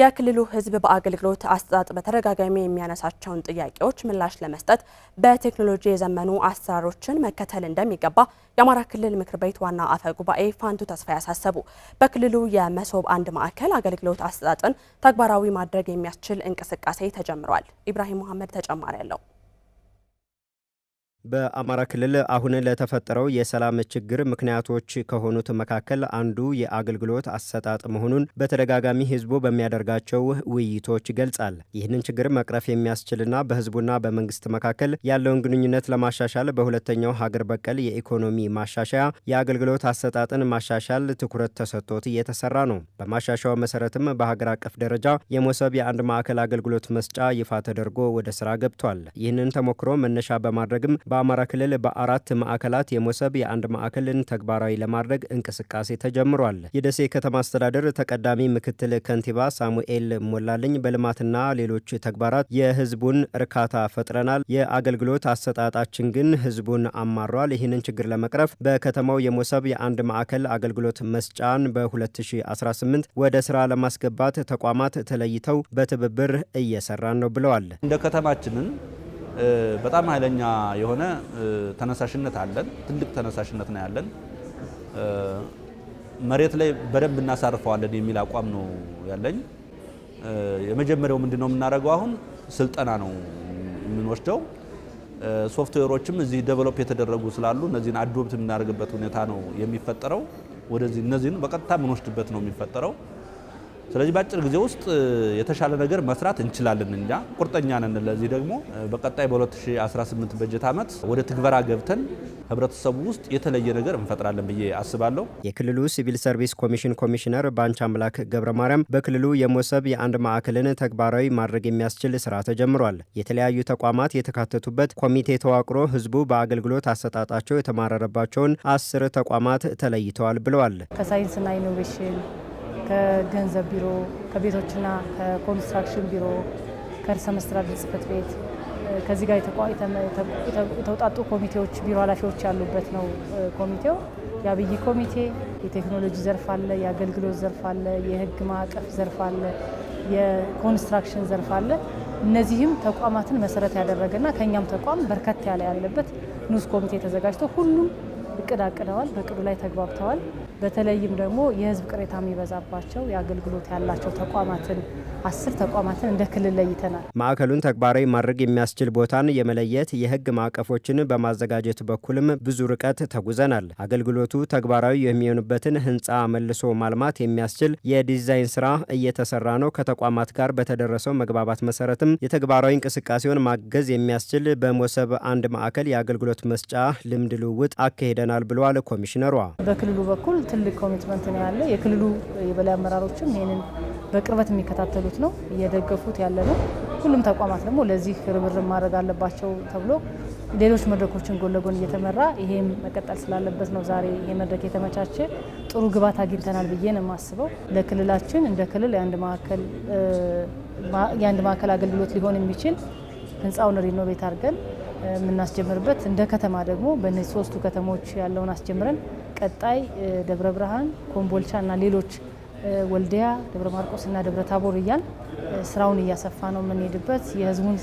የክልሉ ህዝብ በአገልግሎት አሰጣጥ በተደጋጋሚ የሚያነሳቸውን ጥያቄዎች ምላሽ ለመስጠት በቴክኖሎጂ የዘመኑ አሰራሮችን መከተል እንደሚገባ የአማራ ክልል ምክር ቤት ዋና አፈ ጉባኤ ፋንቱ ተስፋ ያሳሰቡ፣ በክልሉ የመሶብ አንድ ማዕከል አገልግሎት አሰጣጥን ተግባራዊ ማድረግ የሚያስችል እንቅስቃሴ ተጀምሯል። ኢብራሂም መሐመድ ተጨማሪ ያለው በአማራ ክልል አሁን ለተፈጠረው የሰላም ችግር ምክንያቶች ከሆኑት መካከል አንዱ የአገልግሎት አሰጣጥ መሆኑን በተደጋጋሚ ህዝቡ በሚያደርጋቸው ውይይቶች ይገልጻል። ይህንን ችግር መቅረፍ የሚያስችልና በህዝቡና በመንግስት መካከል ያለውን ግንኙነት ለማሻሻል በሁለተኛው ሀገር በቀል የኢኮኖሚ ማሻሻያ የአገልግሎት አሰጣጥን ማሻሻል ትኩረት ተሰጥቶት እየተሰራ ነው። በማሻሻያው መሰረትም በሀገር አቀፍ ደረጃ የሞሰብ የአንድ ማዕከል አገልግሎት መስጫ ይፋ ተደርጎ ወደ ስራ ገብቷል። ይህንን ተሞክሮ መነሻ በማድረግም በአማራ ክልል በአራት ማዕከላት የሞሰብ የአንድ ማዕከልን ተግባራዊ ለማድረግ እንቅስቃሴ ተጀምሯል። የደሴ ከተማ አስተዳደር ተቀዳሚ ምክትል ከንቲባ ሳሙኤል ሞላልኝ በልማትና ሌሎች ተግባራት የህዝቡን እርካታ ፈጥረናል፣ የአገልግሎት አሰጣጣችን ግን ህዝቡን አማሯል። ይህንን ችግር ለመቅረፍ በከተማው የሞሰብ የአንድ ማዕከል አገልግሎት መስጫን በ2018 ወደ ስራ ለማስገባት ተቋማት ተለይተው በትብብር እየሰራን ነው ብለዋል። እንደ ከተማችንን በጣም ኃይለኛ የሆነ ተነሳሽነት አለን። ትልቅ ተነሳሽነት ነው ያለን። መሬት ላይ በደንብ እናሳርፈዋለን የሚል አቋም ነው ያለኝ። የመጀመሪያው ምንድን ነው የምናደርገው? አሁን ስልጠና ነው የምንወስደው። ሶፍትዌሮችም እዚህ ዴቨሎፕ የተደረጉ ስላሉ እነዚህን አዶብት የምናደርግበት ሁኔታ ነው የሚፈጠረው። ወደዚህ እነዚህን በቀጥታ የምንወስድበት ነው የሚፈጠረው። ስለዚህ በአጭር ጊዜ ውስጥ የተሻለ ነገር መስራት እንችላለን። እኛ ቁርጠኛ ነን። ለዚህ ደግሞ በቀጣይ በ2018 በጀት ዓመት ወደ ትግበራ ገብተን ህብረተሰቡ ውስጥ የተለየ ነገር እንፈጥራለን ብዬ አስባለሁ። የክልሉ ሲቪል ሰርቪስ ኮሚሽን ኮሚሽነር ባንች አምላክ ገብረ ማርያም በክልሉ የሞሰብ የአንድ ማዕከልን ተግባራዊ ማድረግ የሚያስችል ስራ ተጀምሯል። የተለያዩ ተቋማት የተካተቱበት ኮሚቴ ተዋቅሮ ህዝቡ በአገልግሎት አሰጣጣቸው የተማረረባቸውን አስር ተቋማት ተለይተዋል ብለዋል። ከሳይንስና ኢኖቬሽን ከገንዘብ ቢሮ፣ ከቤቶችና ከኮንስትራክሽን ቢሮ፣ ከእርሰ መስተዳድር ጽሕፈት ቤት ከዚህ ጋር የተውጣጡ ኮሚቴዎች ቢሮ ኃላፊዎች ያሉበት ነው። ኮሚቴው የአብይ ኮሚቴ የቴክኖሎጂ ዘርፍ አለ፣ የአገልግሎት ዘርፍ አለ፣ የህግ ማዕቀፍ ዘርፍ አለ፣ የኮንስትራክሽን ዘርፍ አለ። እነዚህም ተቋማትን መሰረት ያደረገና ከእኛም ተቋም በርከት ያለ ያለበት ንዑስ ኮሚቴ ተዘጋጅቶ ሁሉም እቅድ አቅደዋል፣ በእቅዱ ላይ ተግባብተዋል። በተለይም ደግሞ የህዝብ ቅሬታ የሚበዛባቸው የአገልግሎት ያላቸው ተቋማትን አስር ተቋማትን እንደ ክልል ለይተናል። ማዕከሉን ተግባራዊ ማድረግ የሚያስችል ቦታን የመለየት የህግ ማዕቀፎችን በማዘጋጀት በኩልም ብዙ ርቀት ተጉዘናል። አገልግሎቱ ተግባራዊ የሚሆንበትን ህንፃ መልሶ ማልማት የሚያስችል የዲዛይን ስራ እየተሰራ ነው። ከተቋማት ጋር በተደረሰው መግባባት መሰረትም የተግባራዊ እንቅስቃሴውን ማገዝ የሚያስችል በሞሰብ አንድ ማዕከል የአገልግሎት መስጫ ልምድ ልውውጥ አካሂደናል ብለዋል ኮሚሽነሯ። በክልሉ በኩል ትልቅ ኮሚትመንት ነው ያለ የክልሉ የበላይ አመራሮችም ይህንን በቅርበት የሚከታተሉት ነው፣ እየደገፉት ያለ ነው። ሁሉም ተቋማት ደግሞ ለዚህ ርብርብ ማድረግ አለባቸው ተብሎ ሌሎች መድረኮችን ጎን ለጎን እየተመራ ይሄም መቀጠል ስላለበት ነው ዛሬ ይሄ መድረክ የተመቻቸ። ጥሩ ግባት አግኝተናል ብዬ ነው የማስበው። ለክልላችን እንደ ክልል የአንድ ማዕከል አገልግሎት ሊሆን የሚችል ህንፃውን ሪኖቬት አድርገን የምናስጀምርበት እንደ ከተማ ደግሞ በነዚህ ሶስቱ ከተሞች ያለውን አስጀምረን ቀጣይ ደብረ ብርሃን፣ ኮምቦልቻ እና ሌሎች ወልዲያ፣ ደብረ ማርቆስ እና ደብረ ታቦር እያል ስራውን እያሰፋ ነው የምንሄድበት የህዝቡን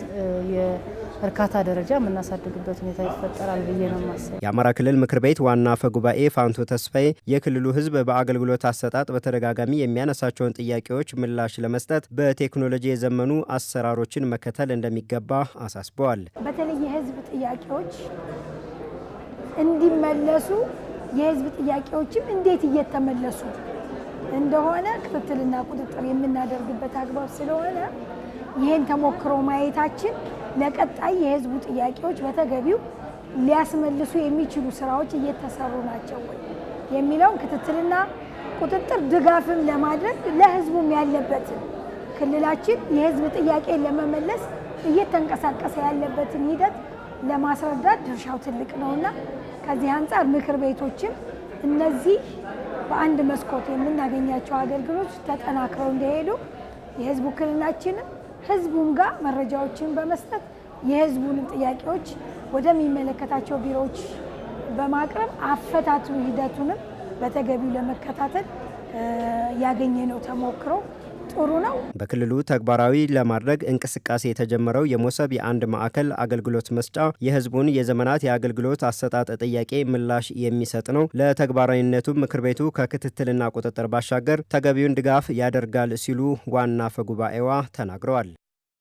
እርካታ ደረጃ የምናሳድግበት ሁኔታ ይፈጠራል ብዬ ነው ማሰብ። የአማራ ክልል ምክር ቤት ዋና አፈ ጉባኤ ፋንቱ ተስፋዬ የክልሉ ህዝብ በአገልግሎት አሰጣጥ በተደጋጋሚ የሚያነሳቸውን ጥያቄዎች ምላሽ ለመስጠት በቴክኖሎጂ የዘመኑ አሰራሮችን መከተል እንደሚገባ አሳስበዋል። በተለይ የህዝብ ጥያቄዎች እንዲመለሱ የህዝብ ጥያቄዎችም እንዴት እየተመለሱ እንደሆነ ክትትልና ቁጥጥር የምናደርግበት አግባብ ስለሆነ ይህን ተሞክሮ ማየታችን ለቀጣይ የህዝቡ ጥያቄዎች በተገቢው ሊያስመልሱ የሚችሉ ስራዎች እየተሰሩ ናቸው ወይ የሚለውን ክትትልና ቁጥጥር ድጋፍም ለማድረግ ለህዝቡም ያለበትን ክልላችን የህዝብ ጥያቄ ለመመለስ እየተንቀሳቀሰ ያለበትን ሂደት ለማስረዳት ድርሻው ትልቅ ነውና ከዚህ አንጻር ምክር ቤቶችም እነዚህ በአንድ መስኮት የምናገኛቸው አገልግሎች ተጠናክረው እንደሄዱ የህዝብ ውክልናችንም ህዝቡም ጋር መረጃዎችን በመስጠት የህዝቡንም ጥያቄዎች ወደሚመለከታቸው ቢሮዎች በማቅረብ አፈታቱ ሂደቱንም በተገቢው ለመከታተል ያገኘ ነው ተሞክሮ ጥሩ ነው። በክልሉ ተግባራዊ ለማድረግ እንቅስቃሴ የተጀመረው የሞሰብ የአንድ ማዕከል አገልግሎት መስጫ የህዝቡን የዘመናት የአገልግሎት አሰጣጥ ጥያቄ ምላሽ የሚሰጥ ነው። ለተግባራዊነቱ ምክር ቤቱ ከክትትልና ቁጥጥር ባሻገር ተገቢውን ድጋፍ ያደርጋል ሲሉ ዋና አፈ ጉባኤዋ ተናግረዋል።